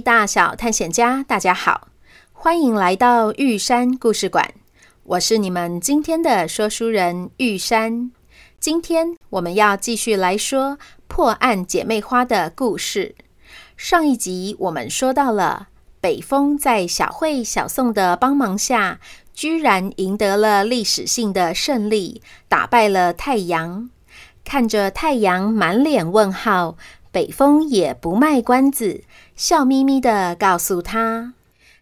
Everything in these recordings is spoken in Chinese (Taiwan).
大小探險家，大家好，歡迎來到玉山故事館。我是你們今天的說書人玉山。今天我們要繼續來說破案姐妹花的故事。上一集我們說到了北風在小慧、小宋的幫忙下，居然贏得了歷史性的勝利，打敗了太陽。看着太陽，滿臉問號。北風也不賣關子，笑眯眯的告訴他：“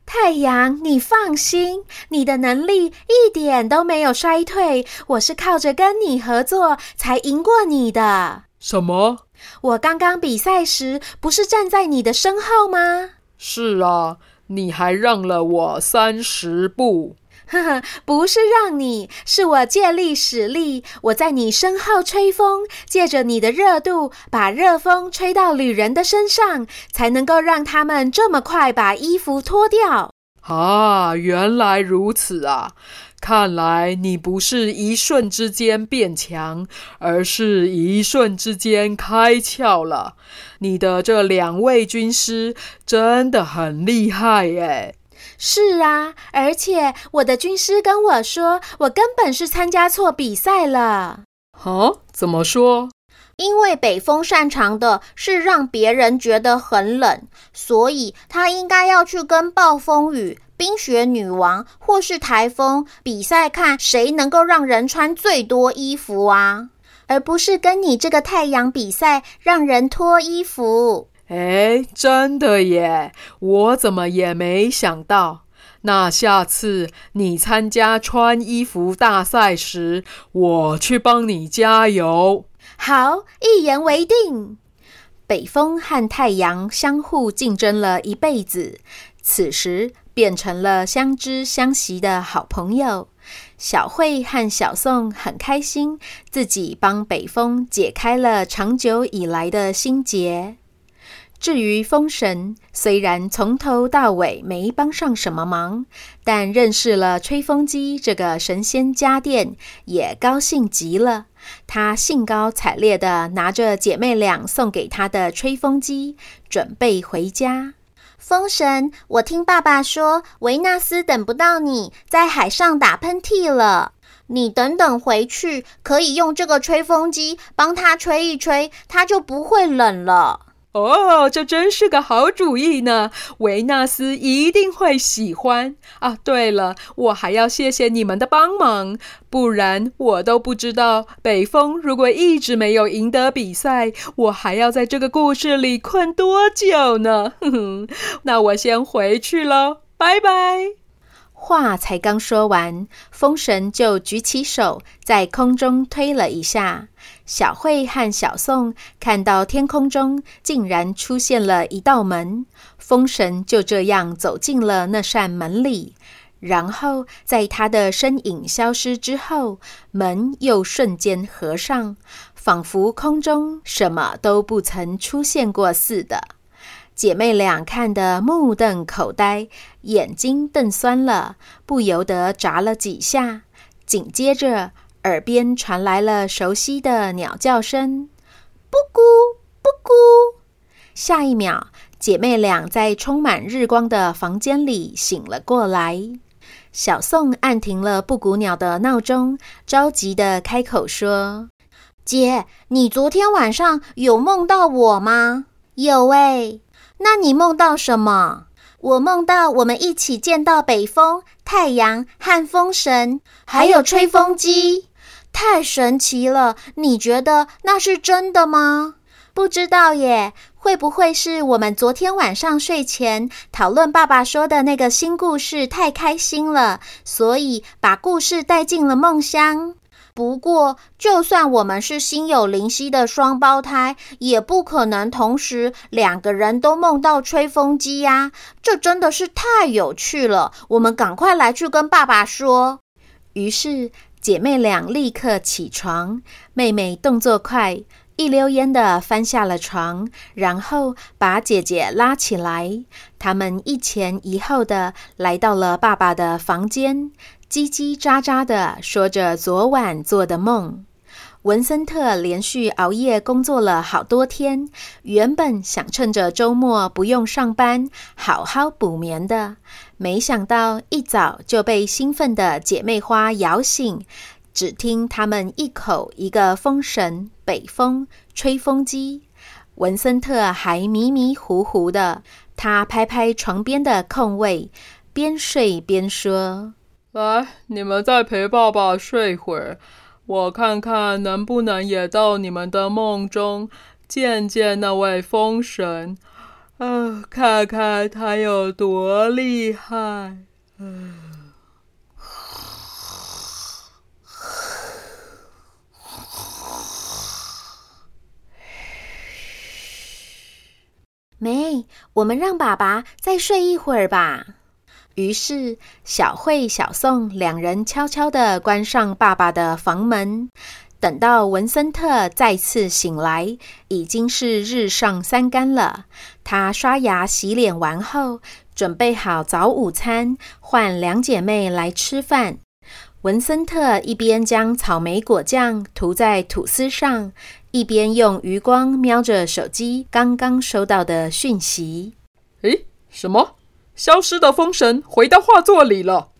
太陽，你放心，你的能力一點都沒有衰退。我是靠着跟你合作才贏過你的。什麼？我剛剛比賽時不是站在你的身後嗎？是啊，你還讓了我三十步。”呵呵，不是讓你，是我借力使力。我在你身後吹風，借着你的熱度，把熱風吹到旅人的身上，才能夠讓他們這麼快把衣服脫掉。啊，原來如此啊！看來你不是一瞬之間變強，而是一瞬之間開竅了。你的這兩位軍師真的很厲害耶。是啊，而且我的軍師跟我說，我根本是參加錯比賽了。哦、啊，怎麼說？因為北風擅長的是讓別人覺得很冷，所以他應該要去跟暴風雨、冰雪女王或是颱風比賽，看誰能夠讓人穿最多衣服啊，而不是跟你這個太陽比賽，讓人脫衣服。哎，真的耶！我怎麼也沒想到。那下次你參加穿衣服大賽時，我去幫你加油。好，一言為定。北風和太陽相互競爭了一輩子，此時變成了相知相惜的好朋友。小慧和小宋很開心，自己幫北風解開了長久以來的心結。至於風神，雖然從頭到尾沒幫上什麼忙，但認識了吹風機這個神仙家電，也高興極了。他興高采烈地拿着姐妹倆送給他的吹風機，準備回家。風神，我聽爸爸說，維納斯等不到你，在海上打噴嚏了。你等等回去，可以用這個吹風機幫他吹一吹，他就不會冷了。哦，這真是個好主意呢！維納斯一定會喜歡啊。對了，我還要謝謝你們的幫忙，不然我都不知道北風如果一直沒有贏得比賽，我還要在這個故事裡困多久呢？哼哼，那我先回去了，拜拜。話才剛說完，風神就舉起手，在空中推了一下。小慧和小宋看到天空中竟然出現了一道門，風神就這樣走進了那扇門裡，然後在他的身影消失之後，門又瞬間合上，仿佛空中什麼都不曾出現過似的。姐妹倆看得目瞪口呆，眼睛瞪酸了，不由得眨了幾下，緊接着。耳邊傳來了熟悉的鳥叫聲，布谷布谷。下一秒，姐妹倆在充滿日光的房間裡醒了過來。小宋按停了布谷鳥的鬧鐘，着急地開口說：“姐，你昨天晚上有夢到我嗎？有耶，那你夢到什麼？我夢到我們一起見到北風、太陽和風神，還有吹風機。風機”太神奇了！你覺得那是真的嗎？不知道耶，會不會是我們昨天晚上睡前討論爸爸說的那個新故事太開心了，所以把故事帶進了夢鄉。不過，就算我們是心有靈犀的雙胞胎，也不可能同時兩個人都夢到吹風機呀。這真的是太有趣了，我們趕快來去跟爸爸說。於是，姐妹倆立刻起床，妹妹動作快，一溜煙的翻下了床，然後把姐姐拉起來。她們一前一後的來到了爸爸的房間，嘰嘰喳喳的說着昨晚做的夢。文森特連續熬夜工作了好多天，原本想趁着周末不用上班，好好補眠的。沒想到一早就被興奮的姐妹花搖醒，只聽她們一口一個“風神”、北風、吹風機。文森特還迷迷糊糊的，他拍拍床邊的空位，邊睡邊說：“來，你們再陪爸爸睡會兒，我看看能不能也到你們的夢中見見那位風神。”嗯、哦，看看他有多厲害。妹，我們讓爸爸再睡一會兒吧。於是，小慧、小宋兩人悄悄地關上爸爸的房門。等到文森特再次醒來，已經是日上三竿了。他刷牙洗臉完後，準備好早午餐，喚兩姐妹來吃飯。文森特一邊將草莓果醬塗在吐司上，一邊用餘光瞄着手機剛剛收到的訊息：“誒，什麼？消失的風神回到畫作裡了。”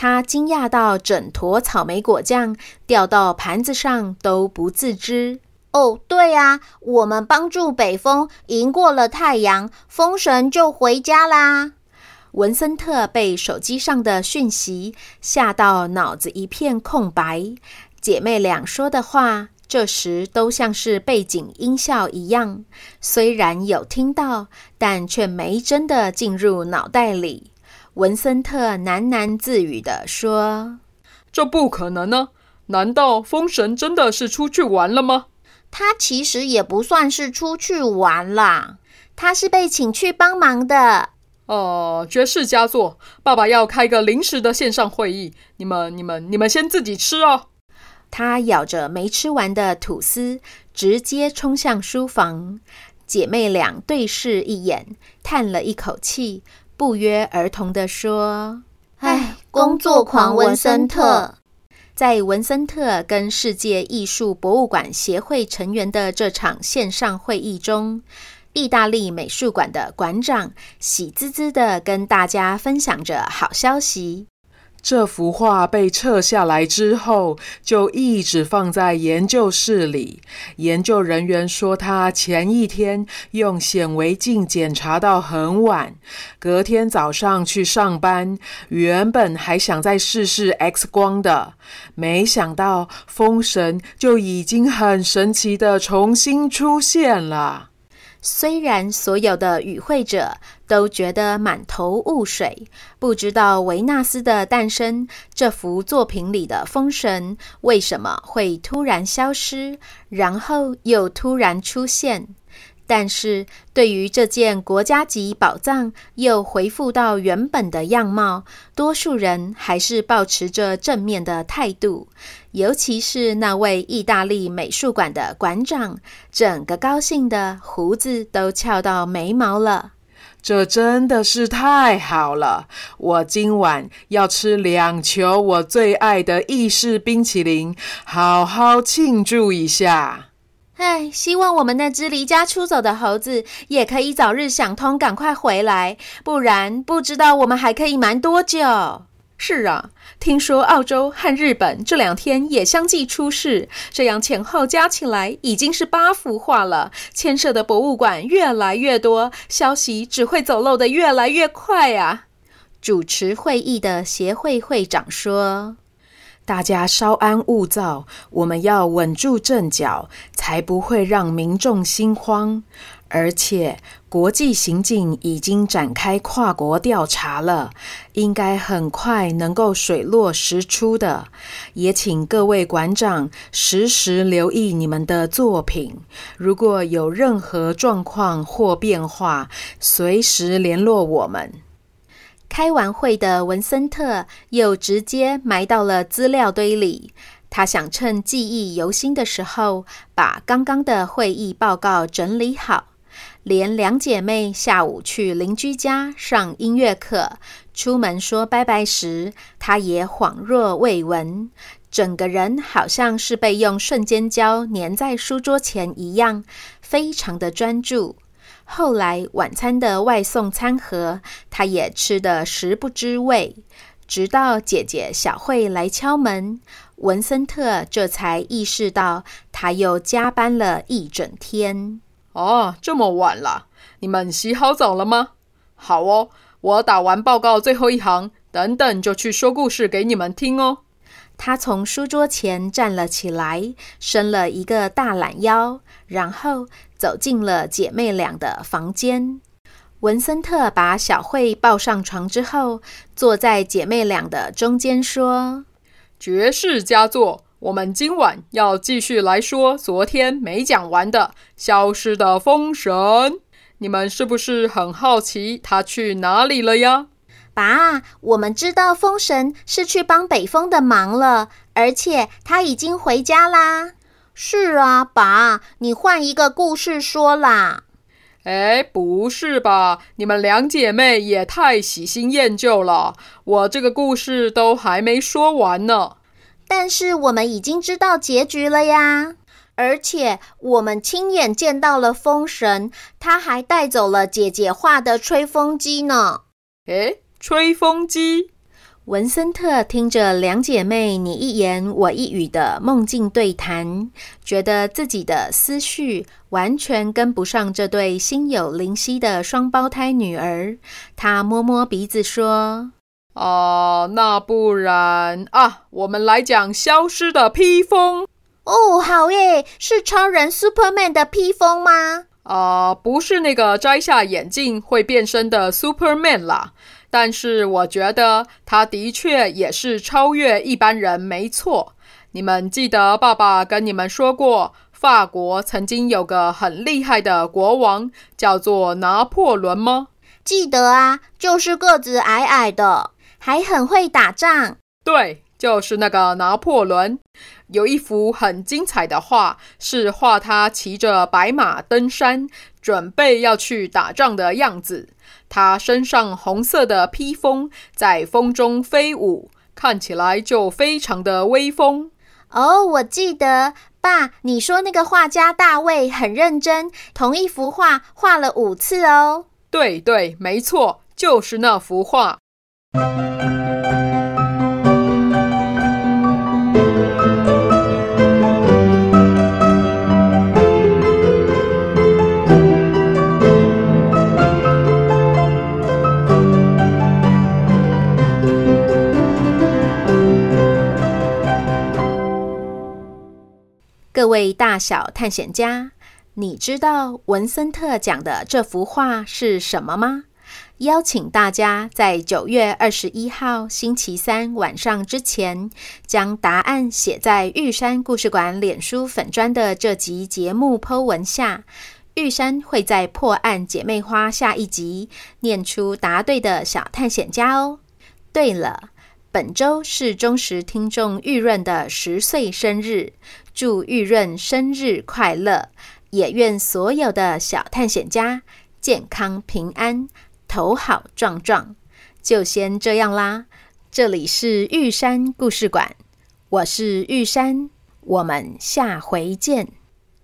他驚訝到整坨草莓果醬掉到盤子上都不自知。哦，對啊，我們幫助北風贏過了太陽，風神就回家啦。文森特被手機上的訊息嚇到，腦子一片空白。姐妹倆說的話，這時都像是背景音效一樣，雖然有聽到，但卻沒真的進入腦袋裡。文森特喃喃自語地說：“這不可能呢、啊，難道風神真的是出去玩了嗎？”他其實也不算是出去玩了，他是被請去幫忙的。哦、呃，爵士佳作，爸爸要開個臨時的線上會議，你們、你們、你們先自己吃啊、哦！他咬着沒吃完的吐司，直接衝向書房。姐妹倆對視一眼，嘆了一口氣。不約而同的說：“哎，工作狂文森特！”在文森特跟世界藝術博物館協會成員的這場線上會議中，意大利美術館的館長喜滋滋的跟大家分享着好消息。這幅畫被撤下來之後，就一直放在研究室裡。研究人員說，他前一天用顯微鏡檢查到很晚，隔天早上去上班，原本還想再試試 X 光的，沒想到風神就已經很神奇的重新出現了。雖然所有的與會者都覺得滿頭霧水，不知道維納斯的誕生，這幅作品裡的風神為什麼會突然消失，然後又突然出現。但是對於這件國家級寶藏又恢復到原本的樣貌，多數人還是保持着正面的態度。尤其是那位意大利美術館的館長，整個高興得鬍子都翹到眉毛了。這真的是太好了！我今晚要吃兩球我最愛的意式冰淇淋，好好慶祝一下。唉，希望我們那隻離家出走的猴子也可以早日想通，趕快回來，不然不知道我們還可以瞞多久。是啊，聽說澳洲和日本這兩天也相繼出事，這樣前後加起來已經是八幅畫了，牽涉的博物館越來越多，消息只會走漏得越來越快啊。主持會議的協會會長說。大家稍安勿躁，我們要穩住陣腳，才不會讓民眾心慌。而且，國際刑警已經展開跨國調查了，應該很快能夠水落石出的。也請各位館長時時留意你們的作品，如果有任何狀況或變化，隨時聯絡我們。開完會的文森特又直接埋到了資料堆裡。他想趁記憶猶新的時候，把剛剛的會議報告整理好。連兩姐妹下午去鄰居家上音樂課，出門說拜拜時，他也恍若未聞。整個人好像是被用瞬間膠粘在書桌前一樣，非常的專注。後來晚餐，的外送餐盒，他也吃得食不知味。直到姐姐小慧來敲門，文森特，這才意識到他又加班了一整天。哦，這麼晚了，你們洗好澡了嗎？好哦，我打完報告最後一行，等等就去說故事給你們聽哦。他從書桌前站了起來，伸了一個大懶腰，然後。走進了姐妹倆的房間，文森特把小慧抱上床之後，坐在姐妹倆的中間說：“絕世佳作，我們今晚要繼續來說昨天沒講完的《消失的風神》。你們是不是很好奇他去哪裡了呀？”“爸，我們知道風神是去幫北風的忙了，而且他已經回家啦。”是啊，爸，你換一個故事說啦。哎，不是吧？你們兩姐妹也太喜新厭舊了。我這個故事都還沒說完呢。但是我們已經知道結局了呀，而且我們親眼見到了風神，他還帶走了姐姐畫的吹風機呢。哎，吹風機。文森特聽着兩姐妹你一言我一語的夢境對談，覺得自己的思緒完全跟不上這對心有靈犀的雙胞胎女兒。他摸摸鼻子說：“哦、呃，那不然啊，我們來講消失的披風。”“哦，好耶，是超人 Superman 的披風嗎？”“哦、呃，不是那個摘下眼鏡會變身的 Superman 啦。”但是我覺得他的確也是超越一般人，沒錯。你們記得爸爸跟你們說過，法國曾經有個很厲害的國王，叫做拿破崙嗎？記得啊，就是個子矮矮的，還很會打仗。對，就是那個拿破崙。有一幅很精彩的畫，是畫他騎着白馬登山，準備要去打仗的樣子。他身上紅色的披風在風中飛舞，看起來就非常的威風。哦，我記得，爸，你說那個畫家大衛很認真，同一幅畫畫了五次哦。對對，沒錯，就是那幅畫。 各位大小探險家，你知道文森特講的這幅畫是什麼嗎？邀請大家在九月二十一號星期三晚上之前，將答案寫在玉山故事館臉書粉專的這集節目 po 文下。玉山會在破案姐妹花下一集唸出答對的小探險家哦。對了。本週是忠實聽眾玉潤的十歲生日，祝玉潤生日快樂！也願所有的小探險家健康平安，頭好壯壯。就先這樣啦，這裡是玉山故事館，我是玉山，我們下回見。